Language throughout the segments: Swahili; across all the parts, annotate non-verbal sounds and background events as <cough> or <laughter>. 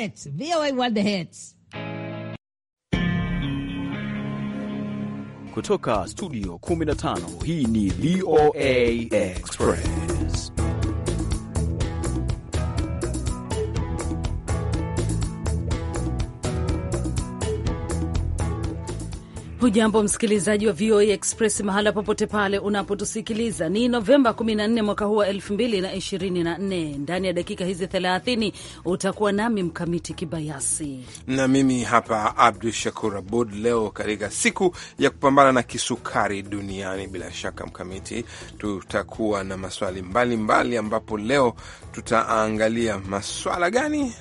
hits. VOA World Hits. Kutoka studio 15 hii ni VOA Express. Hujambo msikilizaji wa VOA Express mahala popote pale unapotusikiliza. Ni Novemba 14 mwaka huu wa 2024. Ndani ya dakika hizi 30 utakuwa nami Mkamiti Kibayasi na mimi hapa Abdu Shakur Abud. Leo katika siku ya kupambana na kisukari duniani, bila shaka Mkamiti, tutakuwa na maswali mbalimbali mbali, ambapo leo tutaangalia maswala gani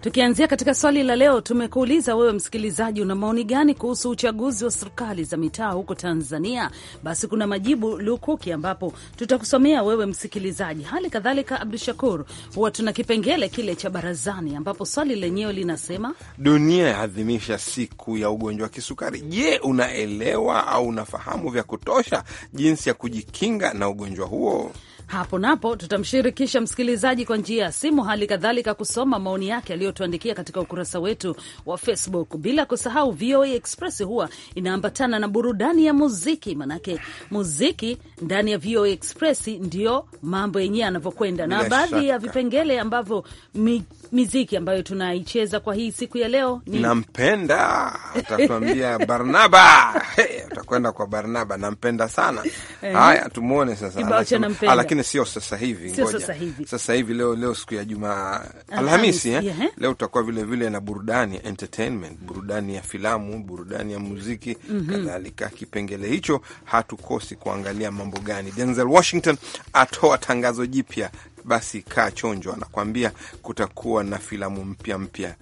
Tukianzia katika swali la leo, tumekuuliza wewe msikilizaji, una maoni gani kuhusu uchaguzi wa serikali za mitaa huko Tanzania? Basi kuna majibu lukuki ambapo tutakusomea wewe msikilizaji. Hali kadhalika, Abdu Shakur, huwa tuna kipengele kile cha barazani, ambapo swali lenyewe linasema dunia yaadhimisha siku ya ugonjwa wa kisukari. Je, unaelewa au unafahamu vya kutosha jinsi ya kujikinga na ugonjwa huo? Hapo napo tutamshirikisha msikilizaji kwa njia ya simu, hali kadhalika kusoma maoni yake aliyotuandikia katika ukurasa wetu wa Facebook, bila kusahau VOA Express huwa inaambatana na burudani ya muziki, manake muziki ndani ya VOA Express ndio mambo yenyewe yanavyokwenda, na baadhi ya vipengele ambavyo mi, miziki ambayo tunaicheza kwa hii siku ya leo ni nampenda, <laughs> atakwambia Barnaba. Hey, utakwenda kwa Barnaba, nampenda sana. Eh. Haya, tumwone sasa, ah, lakini pengine sio sasa hivi, ngoja sasa hivi, sasa hivi leo, leo siku ya Jumaa, Alhamisi eh? yeah. Eh? Leo tutakuwa vile vile na burudani entertainment, burudani ya filamu, burudani ya muziki mm -hmm. kadhalika. Kipengele hicho hatukosi kuangalia mambo gani. Denzel Washington atoa tangazo jipya, basi kaa chonjo, anakuambia kutakuwa na filamu mpya mpya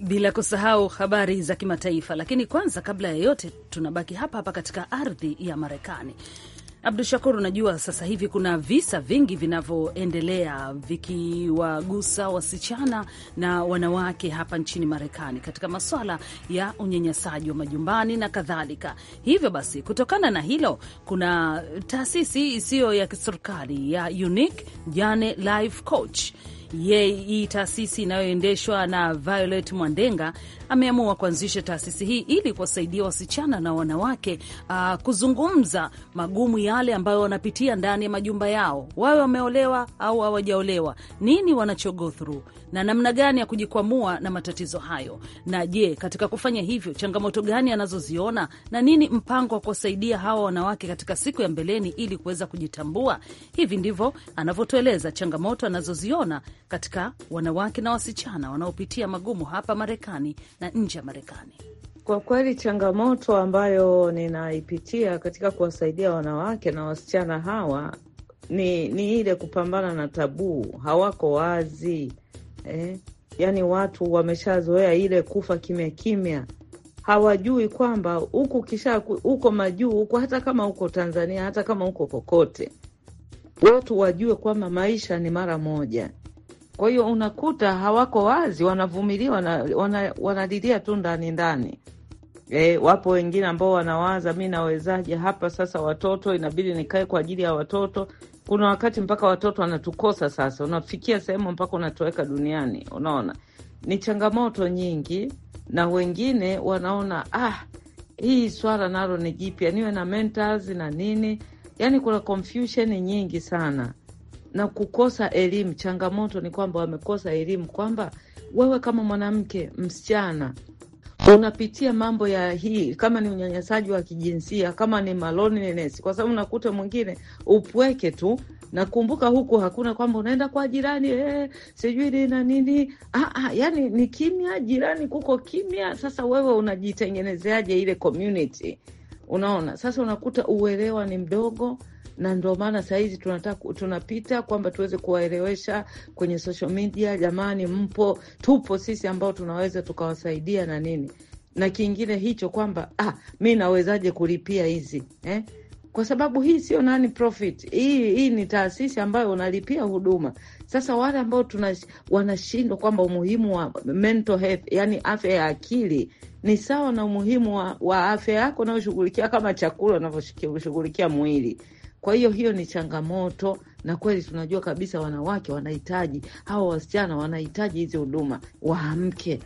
bila kusahau habari za kimataifa. Lakini kwanza, kabla ya yote, tunabaki hapa hapa katika ardhi ya Marekani. Abdu Shakur, unajua sasa hivi kuna visa vingi vinavyoendelea vikiwagusa wasichana na wanawake hapa nchini Marekani katika maswala ya unyanyasaji wa majumbani na kadhalika. Hivyo basi, kutokana na hilo, kuna taasisi isiyo ya kiserikali ya Unique Jane Life Coach ye hii taasisi inayoendeshwa na Violet Mwandenga ameamua kuanzisha taasisi hii ili kuwasaidia wasichana na wanawake uh, kuzungumza magumu yale ambayo wanapitia ndani ya majumba yao, wawe wameolewa au hawajaolewa, nini wanacho through na namna gani ya kujikwamua na matatizo hayo. Na je, katika kufanya hivyo, changamoto gani anazoziona na nini mpango wa kuwasaidia hawa wanawake katika siku ya mbeleni ili kuweza kujitambua? Hivi ndivyo anavyotueleza changamoto anazoziona katika wanawake na wasichana wanaopitia magumu hapa Marekani na nje ya Marekani. Kwa kweli changamoto ambayo ninaipitia katika kuwasaidia wanawake na wasichana hawa ni, ni ile kupambana na tabuu. Hawako wazi eh, yani watu wameshazoea ile kufa kimya kimya, hawajui kwamba huku kisha huko majuu huko, hata kama huko Tanzania, hata kama huko kokote, watu wajue kwamba maisha ni mara moja. Kwa hiyo unakuta hawako wazi, wanavumilia, wanalilia wana, wana tu ndani ndani. E, wapo wengine ambao wanawaza mi nawezaje hapa sasa, watoto inabidi nikae kwa ajili ya watoto, kuna wakati mpaka watoto wanatukosa sasa, unafikia sehemu mpaka unatoweka duniani. Unaona, ni changamoto nyingi, na wengine wanaona ah, hii swala nalo ni jipya, niwe na mentors na nini. Yani kuna confusion nyingi sana na kukosa elimu. Changamoto ni kwamba wamekosa elimu kwamba wewe kama mwanamke, msichana unapitia mambo ya hii, kama ni unyanyasaji wa kijinsia, kama ni loneliness, kwa sababu unakuta mwingine upweke tu. Nakumbuka huku hakuna kwamba unaenda kwa jirani eh, sijui ni na nini ah, ah, yani ni kimya, jirani kuko kimya. Sasa wewe unajitengenezeaje ile community? Unaona, sasa unakuta uelewa ni mdogo na ndio maana sahizi tunapita kwamba tuweze kuwaelewesha kwenye social media, jamani, mpo, tupo sisi ambao tunaweza tukawasaidia na nini na kingine hicho kwamba ah, mi nawezaje kulipia hizi eh? Kwa sababu hii sio nani profit hii, hii ni taasisi ambayo unalipia huduma. Sasa wale ambao wanashindwa kwamba umuhimu wa mental health, yani afya ya akili ni sawa na umuhimu wa, wa afya yako unayoshughulikia kama chakula unavyoshughulikia mwili. Kwa hiyo hiyo ni changamoto, na kweli tunajua kabisa wanawake wanahitaji, hawa wasichana wanahitaji hizi huduma, waamke,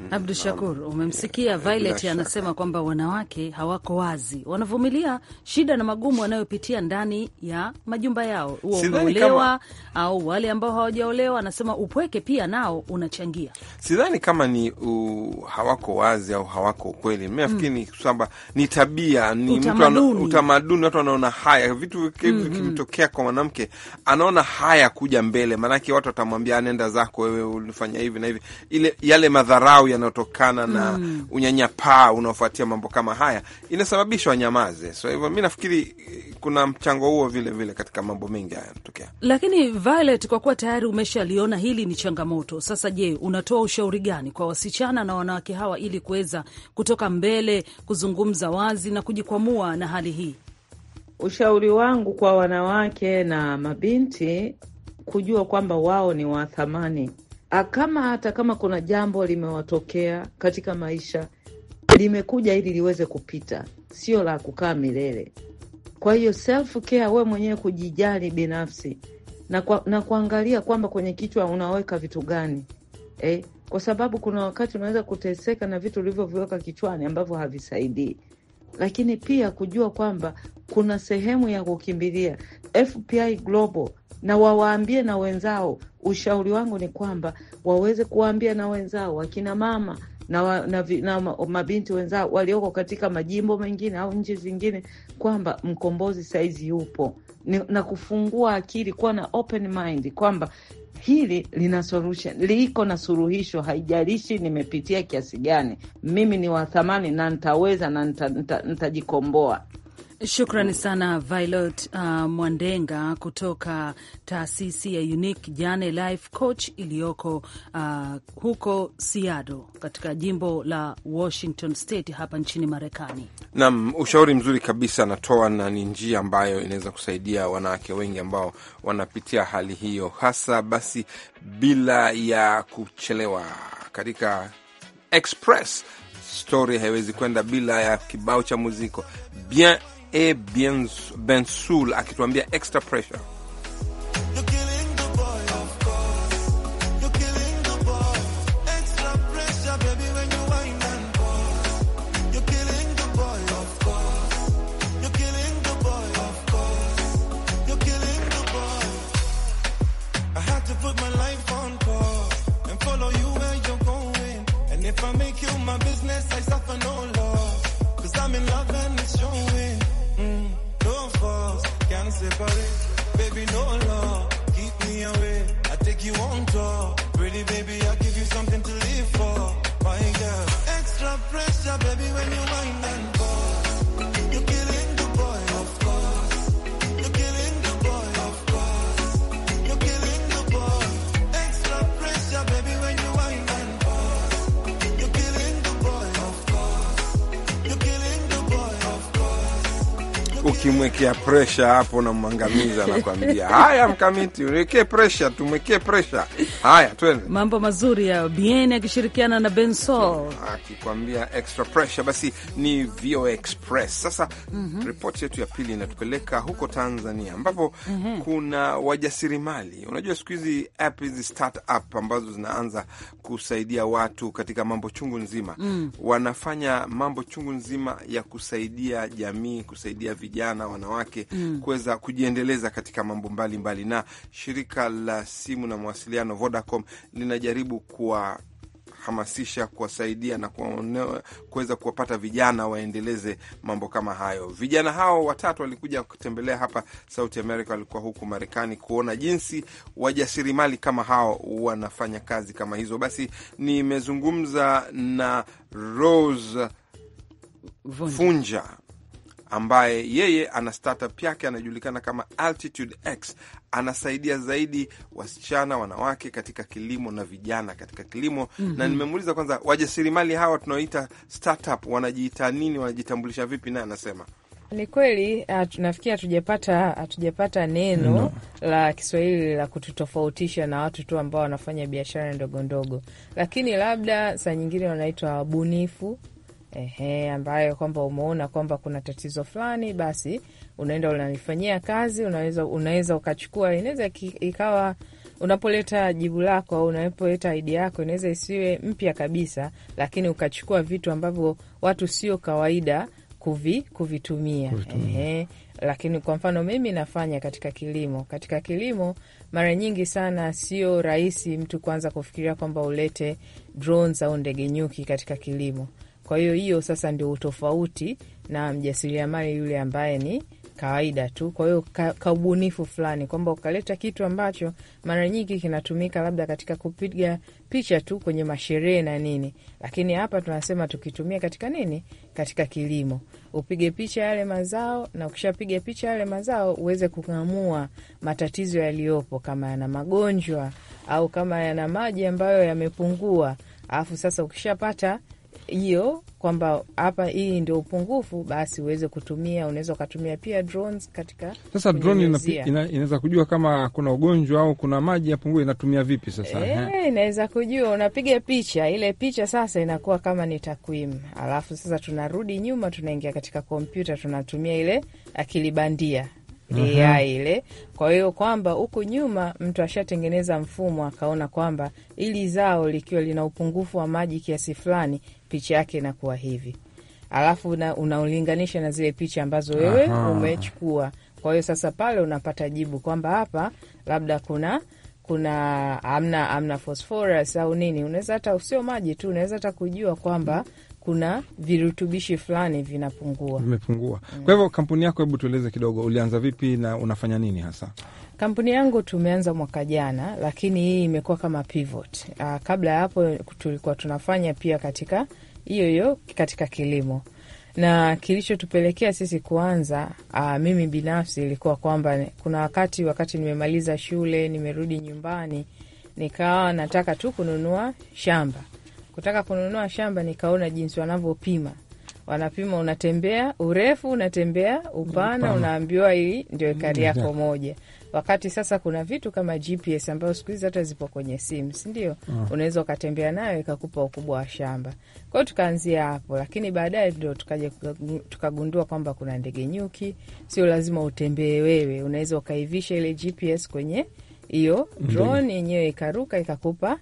Mm-hmm. Abdu Shakur, umemsikia Violet anasema kwamba wanawake hawako wazi, wanavumilia shida na magumu wanayopitia ndani ya majumba yao, huwa umeolewa au wale ambao hawajaolewa. Anasema upweke pia nao unachangia. Sidhani kama ni uh, hawako wazi au hawako ukweli. Mi nafikiri mm. kwamba ni tabia, ni utamaduni, utamaduni. Watu wanaona haya vitu vikimtokea mm -hmm. kwa mwanamke anaona haya kuja mbele, maanake watu watamwambia nenda zako wewe, ulifanya hivi na hivi, ile yale madharau au yanayotokana na mm. unyanyapaa unaofuatia mambo kama haya inasababisha wanyamaze. So hivyo mi nafikiri kuna mchango huo vilevile vile katika mambo mengi haya yanatokea. Lakini Violet, kwa kuwa tayari umeshaliona hili ni changamoto, sasa je, unatoa ushauri gani kwa wasichana na wanawake hawa ili kuweza kutoka mbele, kuzungumza wazi na kujikwamua na hali hii? Ushauri wangu kwa wanawake na mabinti kujua kwamba wao ni wa thamani Ah, kama hata kama kuna jambo limewatokea katika maisha, limekuja ili liweze kupita, sio la kukaa milele. Kwa hiyo self care, we mwenyewe kujijali binafsi na, kwa, na kuangalia kwamba kwenye kichwa unaweka vitu gani eh, kwa sababu kuna wakati unaweza kuteseka na vitu ulivyoviweka kichwani ambavyo havisaidii, lakini pia kujua kwamba kuna sehemu ya kukimbilia. FPI Global na wawaambie na wenzao ushauri wangu ni kwamba waweze kuwaambia na wenzao wakina mama na, wa, na, na mabinti wenzao walioko katika majimbo mengine au nchi zingine kwamba mkombozi saizi yupo ni, na kufungua akili, kuwa na open mind kwamba hili lina solution, liko na suluhisho. Haijalishi nimepitia kiasi gani, mimi ni wa thamani na ntaweza na nitajikomboa. Shukrani sana Violet uh, Mwandenga kutoka taasisi ya Unique Jane Life Coach iliyoko uh, huko Seattle katika jimbo la Washington State hapa nchini Marekani. Naam, ushauri mzuri kabisa anatoa na ni njia ambayo inaweza kusaidia wanawake wengi ambao wanapitia hali hiyo hasa basi, bila ya kuchelewa katika express stori haiwezi kwenda bila ya kibao cha muziko bien e Bensoul akituambia extra pressure. unamwekea presha hapo, unamwangamiza, nakwambia. Haya, mkamiti, uwekee presha, tumwekee presha. Haya, twende, mambo mazuri ya Bien akishirikiana na Bensoul akikwambia extra pressure. Basi ni VOA Express. Sasa mm -hmm. Ripoti yetu ya pili inatupeleka huko Tanzania ambapo mm -hmm. kuna wajasirimali, unajua siku hizi app hizi startup ambazo zinaanza kusaidia watu katika mambo chungu nzima mm. wanafanya mambo chungu nzima ya kusaidia jamii, kusaidia vijana wanawake mm. kuweza kujiendeleza katika mambo mbalimbali mbali. Na shirika la simu na mawasiliano Vodacom linajaribu kuwa hamasisha kuwasaidia na kuweza kuwapata vijana waendeleze mambo kama hayo. Vijana hao watatu walikuja kutembelea hapa Sauti America, walikuwa huku Marekani kuona jinsi wajasirimali kama hao wanafanya kazi kama hizo. Basi nimezungumza na Rose Funja ambaye yeye ana startup yake anajulikana kama Altitude X. Anasaidia zaidi wasichana, wanawake katika kilimo na vijana katika kilimo mm -hmm. Na nimemuuliza kwanza, wajasiriamali hawa tunaoita startup wanajiita nini, wanajitambulisha vipi? Naye anasema ni kweli nafikiri hatujapata hatujapata neno no. la Kiswahili la kututofautisha na watu tu ambao wanafanya biashara ndogo ndogo, lakini labda saa nyingine wanaitwa wabunifu ehe, ambayo kwamba umeona kwamba kuna tatizo fulani, basi unaenda unalifanyia kazi. Unaweza unaweza ukachukua, inaweza ikawa unapoleta jibu lako au unapoleta aidi yako inaweza isiwe mpya kabisa, lakini ukachukua vitu ambavyo watu sio kawaida kuvi, kuvitumia, kuvitumia. Ehe, lakini kwa mfano mimi nafanya katika kilimo. Katika kilimo mara nyingi sana sio rahisi mtu kwanza kufikiria kwamba ulete drones au ndege nyuki katika kilimo kwa hiyo hiyo sasa ndio utofauti na mjasiriamali yule ambaye ni kawaida tu. Kwa hiyo ka, ka ubunifu fulani kwamba ukaleta kitu ambacho mara nyingi kinatumika labda katika kupiga picha tu kwenye masherehe na nini, lakini hapa tunasema tukitumia katika nini, katika kilimo, upige picha yale mazao, na ukishapiga picha yale mazao uweze kung'amua matatizo yaliyopo, kama yana magonjwa au kama yana maji ambayo yamepungua, alafu sasa ukishapata hiyo kwamba hapa hii ndio upungufu, basi uweze kutumia. Unaweza ukatumia pia drones katika sasa, drone inaweza kujua kama kuna ugonjwa au kuna maji yapungua, inatumia vipi sasa? E, inaweza kujua, unapiga picha, ile picha sasa inakuwa kama ni takwimu, alafu sasa tunarudi nyuma, tunaingia katika kompyuta, tunatumia ile akili bandia AI ile. Kwa hiyo kwamba huku nyuma mtu ashatengeneza mfumo akaona kwamba ili zao likiwa lina upungufu wa maji kiasi fulani, picha yake inakuwa hivi, alafu unaulinganisha na zile picha ambazo wewe umechukua. Kwa hiyo sasa pale unapata jibu kwamba hapa labda kuna kuna amna amna phosphorus au nini. Unaweza hata usio maji tu, unaweza hata kujua kwamba kuna virutubishi fulani vinapungua, vimepungua mm. Kwa hivyo kampuni yako, hebu tueleze kidogo, ulianza vipi na unafanya nini hasa? Kampuni yangu tumeanza mwaka jana, lakini hii imekuwa kama pivot. Uh, kabla ya hapo tulikuwa tunafanya pia katika hiyo hiyo katika kilimo na kilichotupelekea sisi kuanza aa, ah, mimi binafsi ilikuwa kwamba kuna wakati wakati nimemaliza shule nimerudi nyumbani nikawa nataka tu kununua shamba mm kutaka kununua shamba, nikaona jinsi wanavyopima wanapima unatembea urefu, unatembea upana, unaambiwa hii ndio ekari mm. yako moja. Wakati sasa kuna vitu kama GPS ambayo siku hizi hata zipo kwenye simu, sindio? Mm. Unaweza ukatembea nayo ikakupa ukubwa wa shamba. Kwao tukaanzia hapo, lakini baadaye ndo tukaja tukagundua kwamba kuna ndege nyuki, sio lazima utembee wewe, unaweza ukaivisha ile GPS kwenye hiyo drone yenyewe ikaruka ikakupa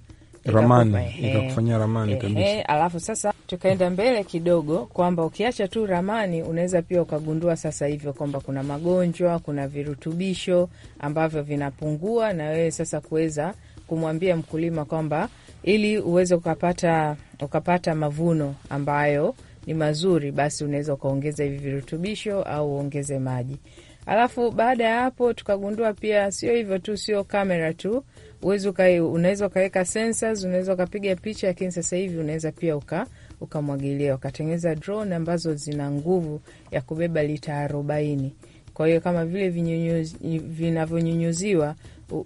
ramani ikakufanyia ramani kabisa. Alafu sasa tukaenda mbele kidogo, kwamba ukiacha tu ramani unaweza pia ukagundua sasa hivyo kwamba kuna magonjwa, kuna virutubisho ambavyo vinapungua, na wewe sasa kuweza kumwambia mkulima kwamba ili uweze ukapata, ukapata mavuno ambayo ni mazuri, basi unaweza ukaongeza hivi virutubisho au uongeze maji. Alafu baada ya hapo tukagundua pia sio hivyo tu, sio kamera tu uwezi unaweza ukaweka sensors, unaweza ukapiga picha, lakini sasa hivi unaweza pia uka ukamwagilia, ukatengeneza drone ambazo zina nguvu ya kubeba lita arobaini. Kwa hiyo kama vile vinavyonyunyuziwa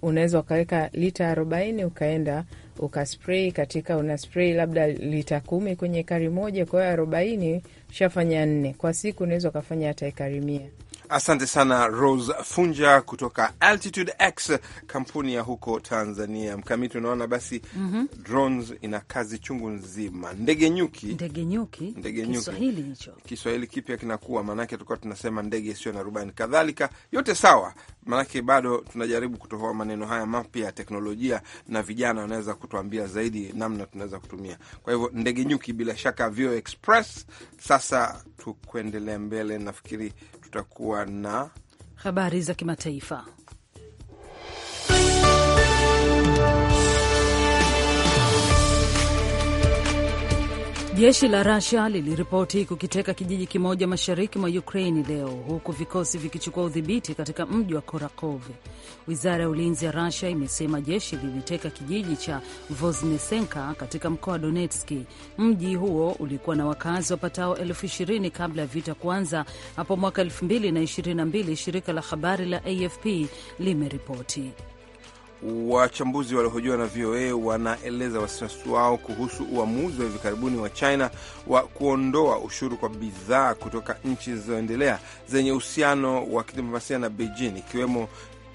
unaweza ukaweka lita arobaini ukaenda ukaspray katika, una spray labda lita kumi kwenye ekari moja. Kwa hiyo arobaini ushafanya nne kwa siku, unaweza ukafanya hata ekari mia. Asante sana Rose Funja kutoka Altitude X, kampuni ya huko Tanzania. Mkamiti, unaona basi mm -hmm. drones ina kazi chungu nzima. Ndege nyuki, ndege nyuki, ndege nyuki, Kiswahili hicho, Kiswahili kipya kinakuwa, maanake tulikuwa tunasema ndege isiyo na rubani, kadhalika yote sawa, maanake bado tunajaribu kutoa maneno haya mapya ya teknolojia, na vijana wanaweza kutuambia zaidi namna tunaweza kutumia. Kwa hivyo ndege nyuki, bila shaka Vio Express. Sasa tukuendelea mbele, nafikiri tutakuwa na habari za kimataifa Jeshi la Rasia liliripoti kukiteka kijiji kimoja mashariki mwa Ukraini leo huku vikosi vikichukua udhibiti katika mji wa Korakov. Wizara ya ulinzi ya Rasia imesema jeshi liliteka kijiji cha Voznesenka katika mkoa wa Donetski. Mji huo ulikuwa na wakazi wapatao elfu ishirini kabla ya vita kuanza hapo mwaka 222 shirika la habari la AFP limeripoti. Wachambuzi waliohojiwa na VOA wanaeleza wasiwasi wao kuhusu uamuzi wa hivi karibuni wa China wa kuondoa ushuru kwa bidhaa kutoka nchi zilizoendelea zenye uhusiano wa kidiplomasia na Beijing, ikiwemo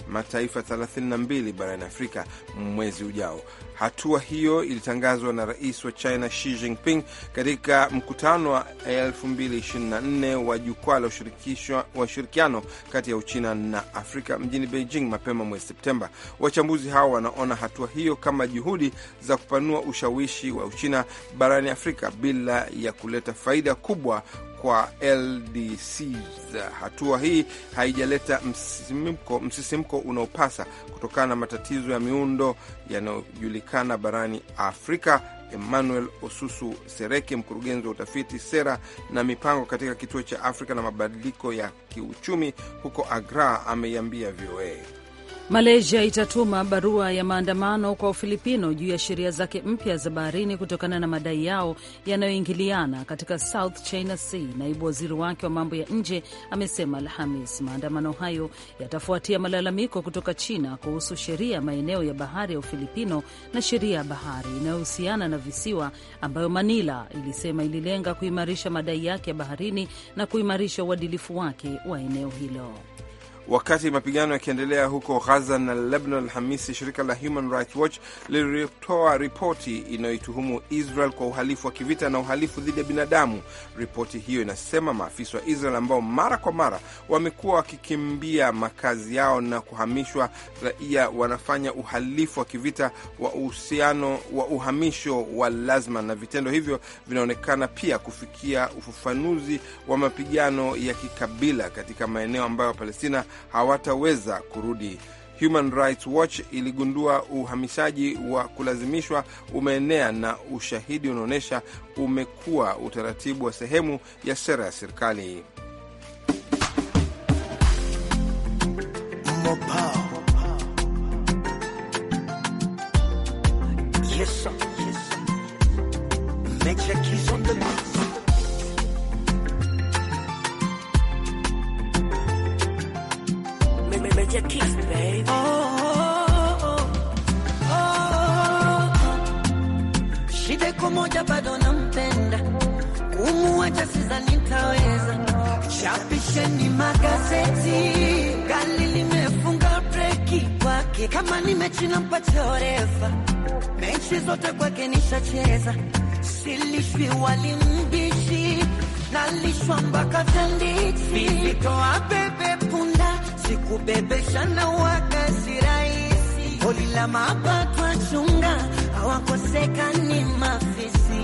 mataifa 32 barani Afrika mwezi ujao. Hatua hiyo ilitangazwa na rais wa China Xi Jinping katika mkutano wa 2024 wa jukwaa la ushirikiano kati ya Uchina na Afrika mjini Beijing mapema mwezi Septemba. Wachambuzi hao wanaona hatua hiyo kama juhudi za kupanua ushawishi wa Uchina barani Afrika bila ya kuleta faida kubwa kwa LDCs. Hatua hii haijaleta msisimko, msisimko unaopasa kutokana na matatizo ya miundo yanayojulikana barani Afrika. Emmanuel Osusu Sereke, mkurugenzi wa utafiti, sera na mipango katika kituo cha Afrika na mabadiliko ya kiuchumi huko Agra, ameiambia VOA. Malaysia itatuma barua ya maandamano kwa Ufilipino juu ya sheria zake mpya za baharini kutokana na madai yao yanayoingiliana katika South China Sea. Naibu waziri wake wa mambo ya nje amesema Alhamis maandamano hayo yatafuatia malalamiko kutoka China kuhusu sheria ya maeneo ya bahari ya Ufilipino na sheria ya bahari inayohusiana na visiwa ambayo Manila ilisema ililenga kuimarisha madai yake ya baharini na kuimarisha uadilifu wake wa eneo hilo. Wakati mapigano yakiendelea huko Ghaza na Lebanon Alhamisi, shirika la Human Rights Watch lilitoa ripoti inayoituhumu Israel kwa uhalifu wa kivita na uhalifu dhidi ya binadamu. Ripoti hiyo inasema maafisa wa Israel ambao mara kwa mara wamekuwa wakikimbia makazi yao na kuhamishwa raia wanafanya uhalifu wa kivita wa uhusiano wa uhamisho wa lazima, na vitendo hivyo vinaonekana pia kufikia ufafanuzi wa mapigano ya kikabila katika maeneo ambayo Palestina hawataweza kurudi. Human Rights Watch iligundua uhamishaji wa kulazimishwa umeenea na ushahidi unaonyesha umekuwa utaratibu wa sehemu ya sera ya serikali. Yes, your kiss, oh, oh, oh, bado nampenda, kumuacha sidhani nitaweza. Chapisheni magazeti, gari limefunga breki kwake, kama ni mechi nampa chorefa, mechi zote kwake nishacheza, silishwi wali mbishi, nalishwa mpaka tanditi, nilitoa bebe punda sikubebesha na waka siraisi holi la mapato achunga hawakosekani mafisi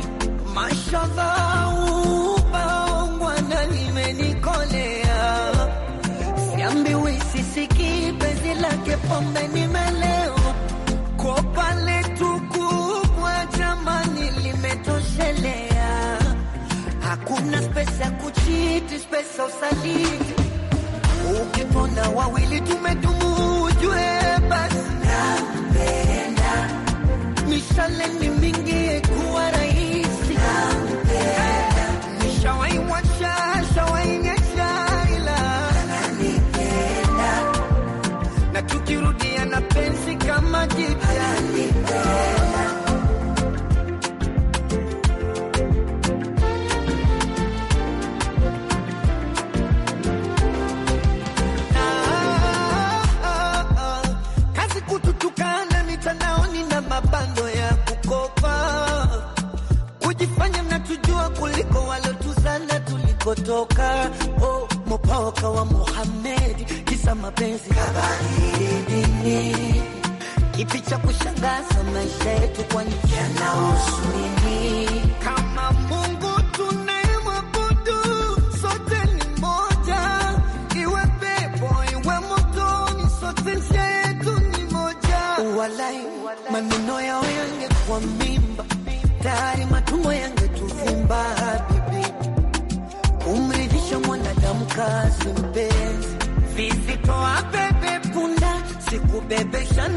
mashodhaupaongwana limenikolea siambiwi sisiki penzi lake pombe nimeleo kopa letu kubwa jamani limetoshelea hakuna spesa ya kuchiti spesa usaliti ukitona wawili tumedumu, ujue basi nakupenda. Mishale ni mingi kuwa rahisi, nishawaiwasha na tukirudia na pensi kama jitu kutoka oh, mupaka wa Muhammad, kisa mapenzi kipi cha kushangaza maisha yetu kwani yanahusu nini?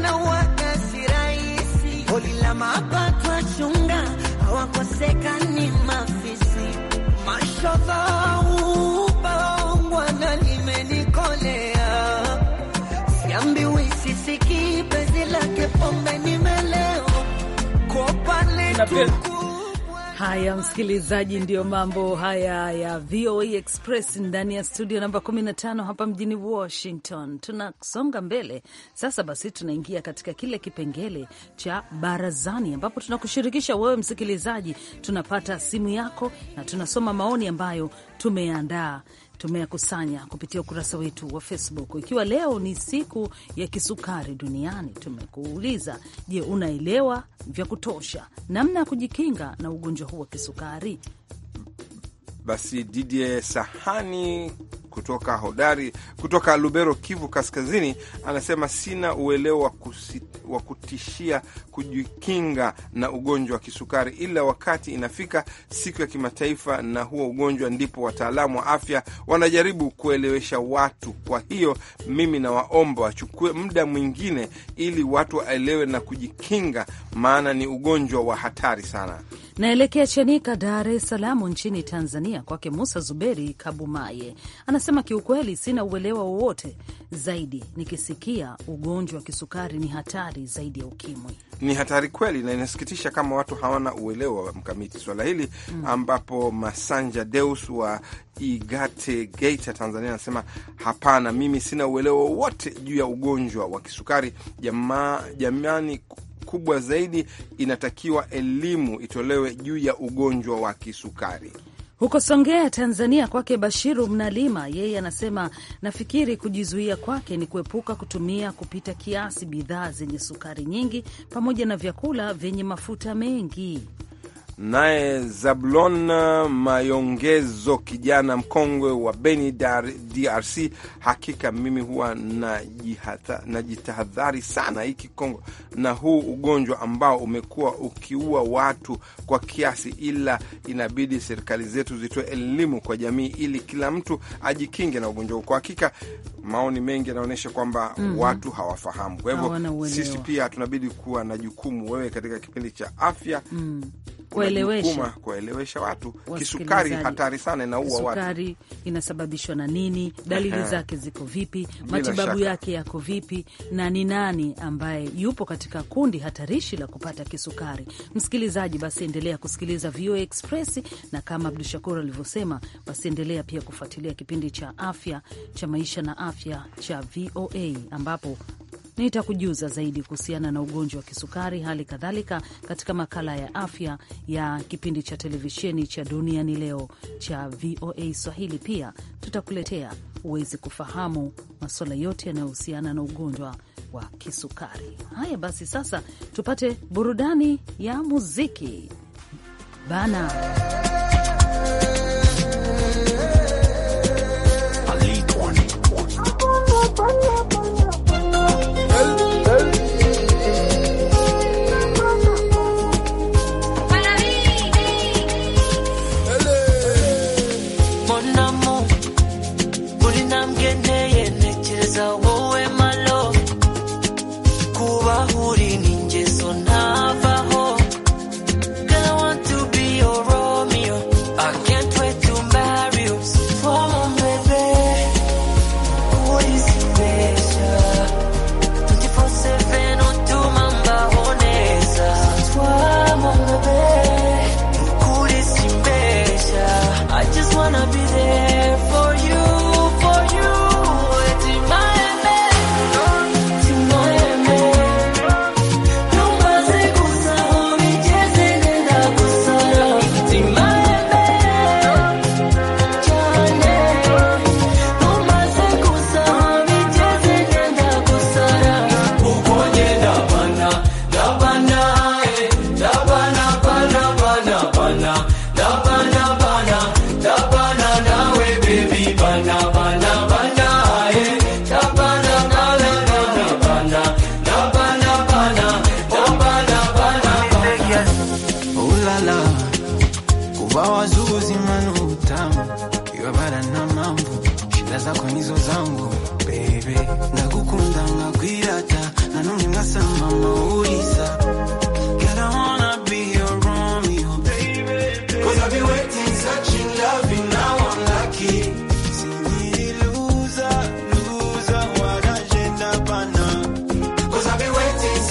sana si rahisi, holi la mapato wachunga hawakosekani mafisi mashovau baongwana limenikolea siambiwi sisiki lake pombe nimeleo kopale Haya msikilizaji, ndiyo mambo haya ya VOA Express ndani ya studio namba 15 hapa mjini Washington. Tunasonga mbele sasa, basi tunaingia katika kile kipengele cha barazani, ambapo tunakushirikisha wewe msikilizaji, tunapata simu yako na tunasoma maoni ambayo tumeandaa tumeyakusanya kupitia ukurasa wetu wa Facebook. Ikiwa leo ni siku ya kisukari duniani, tumekuuliza, je, unaelewa vya kutosha namna ya kujikinga na ugonjwa huu wa kisukari? Basi Didie Sahani kutoka Hodari kutoka Lubero, Kivu Kaskazini, anasema sina uelewa wa kutishia kujikinga na ugonjwa wa kisukari, ila wakati inafika siku ya kimataifa na huo ugonjwa, ndipo wataalamu wa afya wanajaribu kuelewesha watu. Kwa hiyo mimi nawaomba wachukue muda mwingine, ili watu waelewe na kujikinga, maana ni ugonjwa wa hatari sana. Naelekea Chanika, Dar es Salaam nchini Tanzania, kwake Musa Zuberi Kabumaye. Anasema kiukweli, sina uelewa wowote zaidi, nikisikia ugonjwa wa kisukari ni hatari zaidi ya ukimwi. Ni hatari kweli, na inasikitisha kama watu hawana uelewa wa mkamiti swala hili mm, ambapo Masanja Deus wa Igate Geita, Tanzania, anasema hapana, mimi sina uelewa wowote juu ya ugonjwa wa kisukari. jamani kubwa zaidi inatakiwa elimu itolewe juu ya ugonjwa wa kisukari. Huko Songea, Tanzania, kwake Bashiru Mnalima, yeye anasema nafikiri kujizuia kwake ni kuepuka kutumia kupita kiasi bidhaa zenye sukari nyingi pamoja na vyakula vyenye mafuta mengi. Naye Zablon Mayongezo, kijana mkongwe wa Beni, DRC: hakika mimi huwa najitahadhari na sana hiki Kongo na huu ugonjwa ambao umekuwa ukiua watu kwa kiasi, ila inabidi serikali zetu zitoe elimu kwa jamii ili kila mtu ajikinge na ugonjwa huu. Kwa hakika maoni mengi yanaonyesha kwamba mm -hmm. watu hawafahamu. Kwa hivyo sisi pia tunabidi kuwa na jukumu, wewe katika kipindi cha afya mm -hmm kuelewesha kuelewesha watu kisukari hatari sana, inaua watu. Kisukari inasababishwa na nini? Dalili zake ziko vipi? Matibabu yake yako vipi? Na ni nani ambaye yupo katika kundi hatarishi la kupata kisukari? Msikilizaji, basi endelea kusikiliza VOA Express, na kama Abdu Shakur alivyosema, basi endelea pia kufuatilia kipindi cha afya cha maisha na afya cha VOA ambapo nitakujuza zaidi kuhusiana na ugonjwa wa kisukari, hali kadhalika katika makala ya afya ya kipindi cha televisheni cha Duniani Leo cha VOA Swahili. Pia tutakuletea uwezi kufahamu masuala yote yanayohusiana na ugonjwa wa kisukari. Haya basi, sasa tupate burudani ya muziki bana.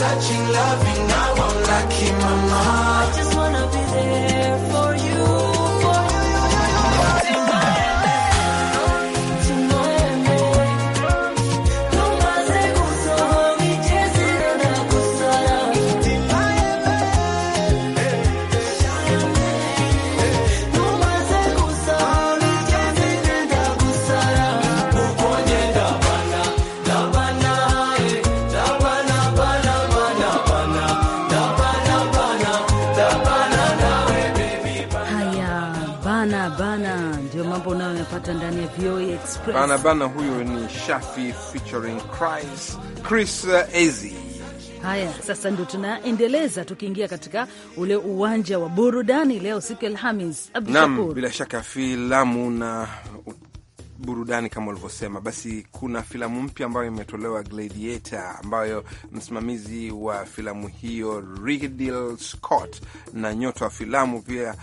touching, loving, I won't lock my I just wanna be there. ndani ya VOA Express. Bana bana, huyu ni Shafi featuring Chris, Chris eh, Ezi. Haya, sasa ndio tunaendeleza tukiingia katika ule uwanja wa burudani leo, siku ya Alhamis. Naam, bila shaka filamu na burudani kama ulivyosema. Basi kuna filamu mpya ambayo imetolewa Gladiator, ambayo msimamizi wa filamu hiyo Ridley Scott na nyota wa filamu pia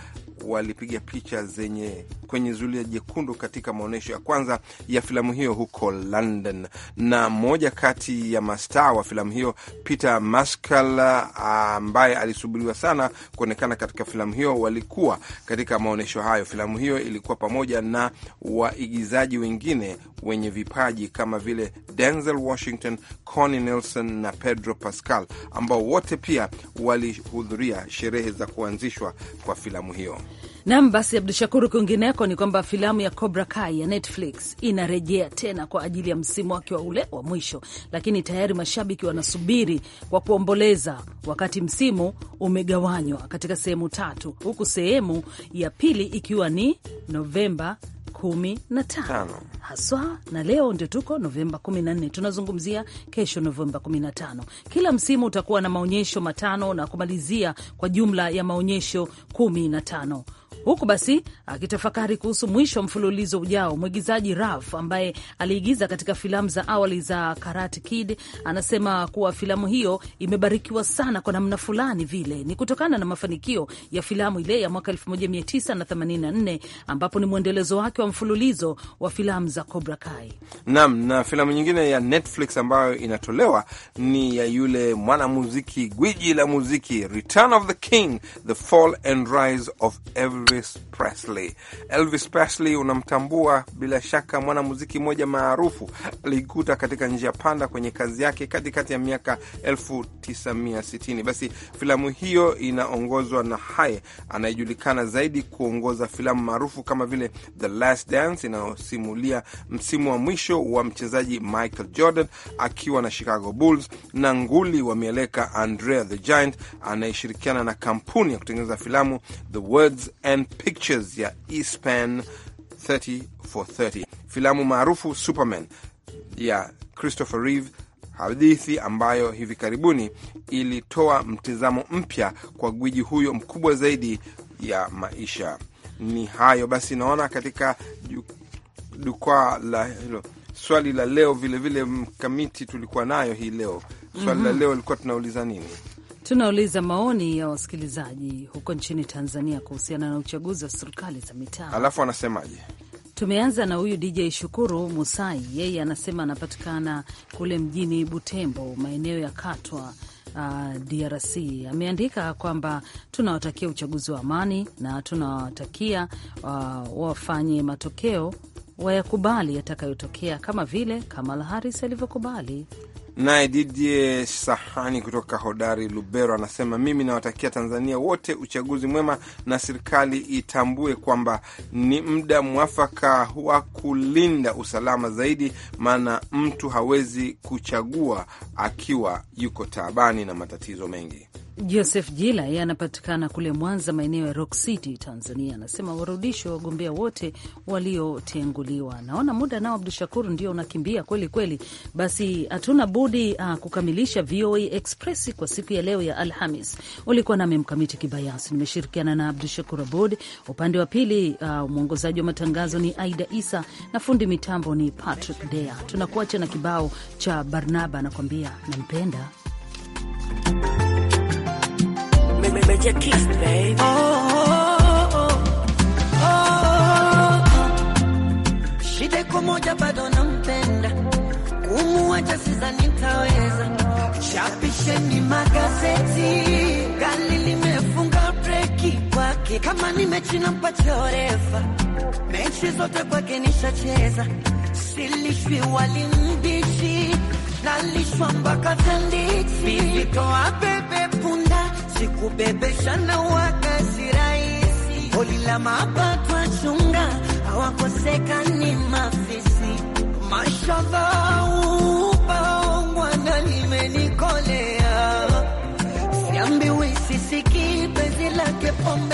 walipiga picha zenye kwenye zulia jekundu katika maonyesho ya kwanza ya filamu hiyo huko London. Na mmoja kati ya mastaa wa filamu hiyo Peter Maskell, ambaye alisubiriwa sana kuonekana katika filamu hiyo, walikuwa katika maonyesho hayo. Filamu hiyo ilikuwa pamoja na waigizaji wengine wenye vipaji kama vile Denzel Washington, Connie Nelson na Pedro Pascal, ambao wote pia walihudhuria sherehe za kuanzishwa kwa filamu hiyo. Nam basi, Abdu Shakuru, kwingineko ni kwamba filamu ya Cobra Kai ya Netflix inarejea tena kwa ajili ya msimu wake wa ule wa mwisho, lakini tayari mashabiki wanasubiri kwa kuomboleza, wakati msimu umegawanywa katika sehemu tatu, huku sehemu ya pili ikiwa ni Novemba 15 haswa, na leo ndio tuko Novemba 14, tunazungumzia kesho Novemba 15. Kila msimu utakuwa na maonyesho matano na kumalizia kwa jumla ya maonyesho 15. Huku basi akitafakari kuhusu mwisho wa mfululizo ujao, mwigizaji Raf ambaye aliigiza katika filamu za awali za Karate Kid anasema kuwa filamu hiyo imebarikiwa sana kwa namna fulani vile, ni kutokana na mafanikio ya filamu ile ya mwaka 1984 ambapo ni mwendelezo wake wa mfululizo wa filamu za Cobra Kai. Naam, na filamu nyingine ya Netflix ambayo inatolewa ni ya yule mwanamuziki gwiji la muziki Return of the King, The Fall and Rise of Every Elvis Presley. Elvis Presley unamtambua bila shaka, mwanamuziki mmoja maarufu alijikuta katika njia panda kwenye kazi yake katikati ya miaka 1960. Basi filamu hiyo inaongozwa na Haye anayejulikana zaidi kuongoza filamu maarufu kama vile The Last Dance inayosimulia msimu wa mwisho wa mchezaji Michael Jordan akiwa na Chicago Bulls na nguli wa mieleka Andrea the Giant anayeshirikiana na kampuni ya kutengeneza filamu The Words and Pictures ya Espan 30 for 30, filamu maarufu Superman ya Christopher Reeve, hadithi ambayo hivi karibuni ilitoa mtizamo mpya kwa gwiji huyo mkubwa zaidi ya maisha. Ni hayo basi, naona katika jukwaa la hilo swali la leo vilevile vile mkamiti tulikuwa nayo hii leo swali mm -hmm. la mhm. leo ilikuwa tunauliza nini? Tunauliza maoni ya wasikilizaji huko nchini Tanzania kuhusiana na uchaguzi wa serikali za mitaa, alafu anasemaje? Tumeanza na huyu DJ Shukuru Musai, yeye anasema anapatikana kule mjini Butembo, maeneo ya Katwa, uh, DRC. Ameandika kwamba tunawatakia uchaguzi wa amani na tunawatakia uh, wafanye matokeo wayakubali yatakayotokea kama vile Kamala Harris alivyokubali. Naye Didie Sahani kutoka Hodari Lubero anasema mimi nawatakia Tanzania wote uchaguzi mwema, na serikali itambue kwamba ni muda mwafaka wa kulinda usalama zaidi, maana mtu hawezi kuchagua akiwa yuko taabani na matatizo mengi. Joseph Jila yeye anapatikana kule Mwanza, maeneo ya Rock City, Tanzania, anasema warudishwe wagombea wote waliotenguliwa. Naona muda nao, Abdu Shakur, ndio unakimbia kweli kweli. Basi hatuna budi uh, kukamilisha VOA Express kwa siku ya leo ya Alhamis. Ulikuwa nami Mkamiti Kibayasi, nimeshirikiana na Abdu Shakur Abud upande wa pili. Uh, mwongozaji wa matangazo ni Aida Isa na fundi mitambo ni Patrick Dea. Tunakuacha na kibao cha Barnaba anakuambia nampenda. Shida iko moja, bado nampenda, kumuacha sidhani nitaweza. Chapisheni magazeti, gari limefunga breki kwake. Kama ni mechi nampa chorefa, mechi zote kwake nishacheza. Silishwi walimbishi, nalishwa mpaka tanditi, toa bebe punda walikubebesha na rahisi holi la mapato wachunga ni mafisi mashavaupaongwana limenikolea siambiwi sisiki penzi lake pombe